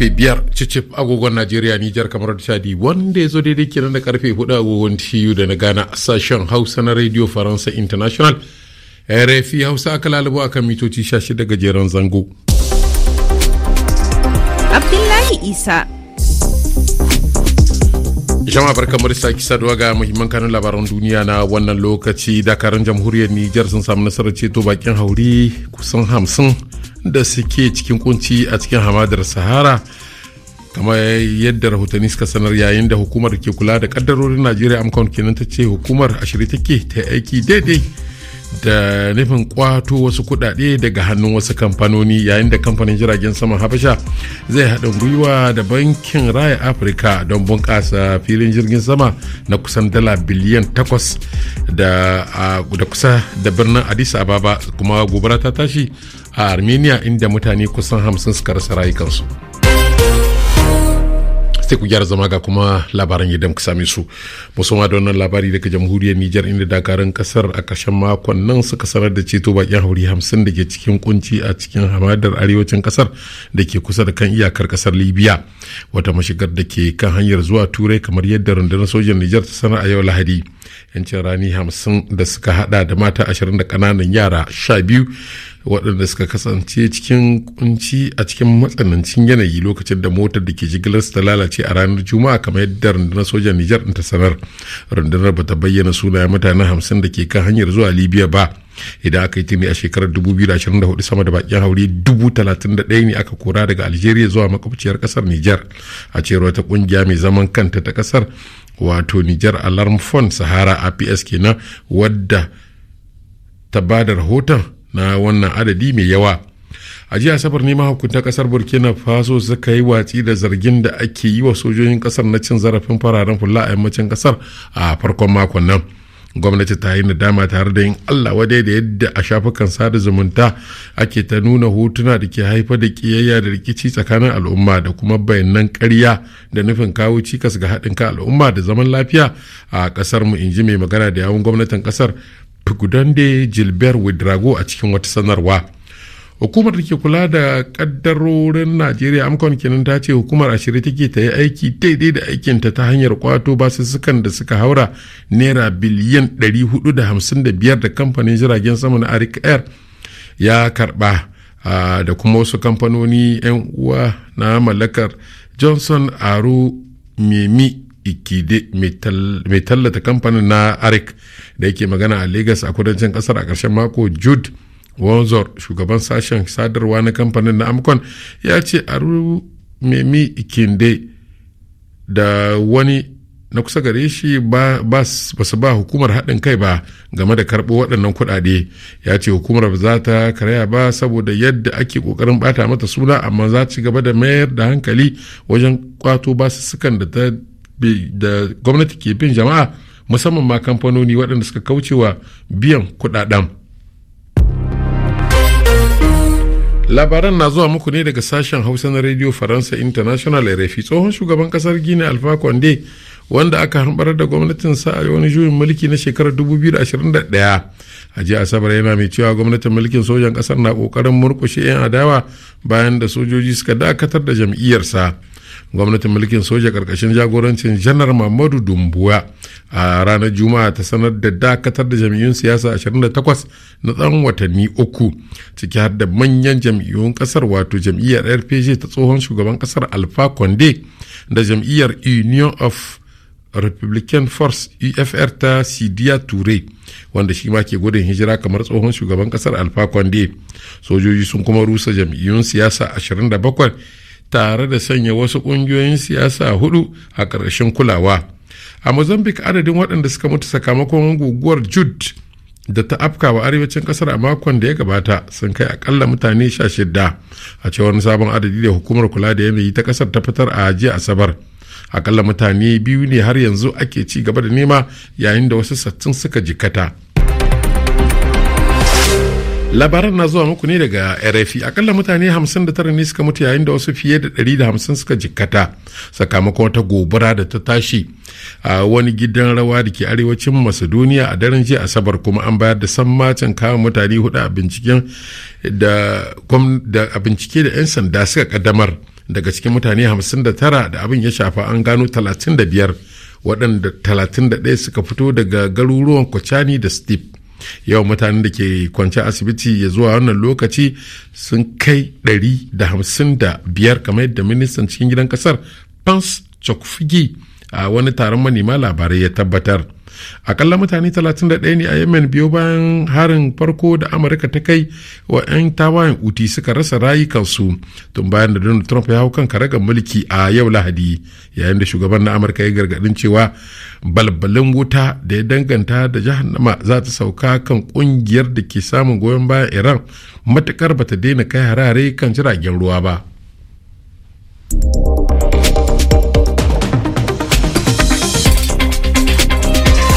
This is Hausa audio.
karfe biyar cicif agogon najeriya nijar kamar da chadi wanda ya zo daidai kenan da karfe hudu agogon tiyu da na gana sashen hausa na radio faransa international rfi hausa aka a kan mitoci 16 gajeren zango abdullahi isa jama'a barkamu da sake saduwa ga muhimman kanun labaran duniya na wannan lokaci dakarun jamhuriyar nijar sun samu nasarar ceto bakin hauri kusan hamsin da suke cikin kunci a cikin hamadar sahara kamar yadda rahotanni suka sanar yayin da hukumar ke kula da kaddarorin najeriya amcon kenan ta ce hukumar ashirin take ta aiki daidai da nufin kwato wasu kudade daga hannun wasu kamfanoni yayin da kamfanin jiragen saman habasha zai haɗa gwiwa da bankin raya afirka don bunƙasa filin jirgin sama na kusan dala biliyan takwas da kusa da birnin addis ababa kuma gobara ta tashi a armenia inda mutane kusan hamsin suka rasa rayukansu sai ku gyara zama ga kuma labaran yadda muka same su musamman da wannan labari daga jamhuriyar Nijar inda dakarun kasar a ƙarshen makon nan suka sanar da ceto bakin hauri hamsin da ke cikin kunci a cikin hamadar arewacin kasar da ke kusa da kan iyakar kasar Libya wata mashigar da ke kan hanyar zuwa Turai kamar yadda rundunar sojan Nijar ta sanar a yau Lahadi. 'yancin rani hamsin da suka hada da mata ashirin da kananan yara sha biyu waɗanda suka kasance cikin kunci a cikin matsanancin yanayi lokacin da motar da ke jigilar su ta lalace a ranar juma'a kamar yadda rundunar sojan nijar ta sanar rundunar bata bayyana sunayen mutane hamsin da ke kan hanyar zuwa libya ba idan aka yi tuni a shekarar 2024 sama da bakin haure ɗaya ne aka kora daga algeria zuwa makwabciyar kasar niger a cewar wata kungiya mai zaman kanta ta kasar wato niger alarm fund sahara aps kenan wadda ta ba da rahoton na wannan adadi mai yawa a jiya asabar neman hukunta kasar burkina faso suka yi watsi da zargin da ake yi wa sojojin kasar na cin zarafin fararen hula a yammacin kasar a farkon makon nan gwamnati ta yi nadama tare da yin allah wadai da yadda a shafukan sada zumunta ake ta nuna hotuna da ke haifar da kiyayya da rikici tsakanin al'umma da kuma bayanan karya da nufin kawo cikas ga haɗin kan al'umma da zaman lafiya a ƙasar mu inji mai magana da yawun gwamnatin ƙasar Pugudande Gilbert Widrago a cikin wata sanarwa. hukumar da ke kula da kaddarorin najeriya amkon kenan ta ce hukumar ashirin take ta yi aiki daidai da aikinta ta hanyar kwato basussukan da suka haura naira biliyan 455 da kamfanin jiragen sama na arik air ya karba da kuma wasu kamfanoni 'yan uwa na mallakar johnson aru mimi ikide mai tallata kamfanin na arik da yake magana a lagos a kudancin kasar a karshen mako jude wanzor shugaban sashen sadarwa na kamfanin na Amcon ya ce Aru Memi Ikinde da wani na kusa gare shi ba su ba hukumar haɗin kai ba game da karɓo waɗannan kuɗaɗe ya ce hukumar ba za ta karaya ba saboda yadda ake ƙoƙarin bata mata suna amma za ci gaba da mayar da hankali wajen kwato sukan da ta da gwamnati ke bin jama'a musamman ma kamfanoni waɗanda suka kaucewa biyan kuɗaɗen. labaran na zuwa muku ne daga sashen hausa na radio faransa international rfi tsohon shugaban kasar gini alfa konde wanda aka hambarar da gwamnatin sa a wani juyin mulki na shekarar 2021 a jiya asabar yana mai cewa gwamnatin mulkin sojan kasar na kokarin murkushe 'yan adawa bayan da sojoji suka dakatar da jam'iyyarsa gwamnatin mulkin soja karkashin jagorancin janar mahmadu dumbuwa a ranar juma'a ta sanar da dakatar da jam'iyyun siyasa 28 na tsawon watanni uku ciki har da manyan jam'iyyun kasar wato jam'iyyar rpg ta tsohon shugaban kasar alfa conde da jam'iyyar union of republican force ufr ta sidiya ture wanda shi ma ke gudun hijira kamar tsohon shugaban kasar alfa conde sojoji sun kuma rusa jam'iyyun siyasa 27 tare da sanya wasu ƙungiyoyin siyasa hudu a ƙarshen kulawa a mozambique adadin waɗanda suka mutu sakamakon guguwar jude da ta afka wa arewacin ƙasar a makon da ya gabata sun kai akalla mutane sha shidda a cewar sabon adadi da hukumar kula da yanayi ta ƙasar ta fitar a jiya asabar akalla mutane biyu ne har yanzu ake ci gaba da nema yayin da wasu sattin suka jikata labaran na zuwa muku ne daga rfi akalla mutane 59 ne suka mutu yayin da wasu fiye da 150 suka jikkata sakamakon wata gobara da ta tashi a wani gidan rawa da ke arewacin macedonia a daren jiya asabar kuma an bayar da sammacin kama mutane hudu a da bincike da 'yan sanda suka kaddamar daga cikin mutane 59 da abin ya shafa an gano 35 waɗanda 31 suka fito daga garuruwan kwacani da steve yawan mutanen da ke kwance asibiti ya zuwa wannan lokaci sun kai da da hamsin biyar kamar yadda ministan cikin gidan kasar pans chokfigi a wani taron manema labarai ya tabbatar akalla mutane 31 ne a yemen biyo bayan harin farko da amurka ta kai wa 'yan tawayen uti suka rasa rayukansu tun bayan da donald trump ya hau kan karagar mulki a yau lahadi yayin da shugaban na amurka ya gargadin cewa balbalin wuta da ya danganta da jahannama za ta sauka kan kungiyar da ke samun goyon bayan iran matukar bata daina kai harare kan jiragen ruwa ba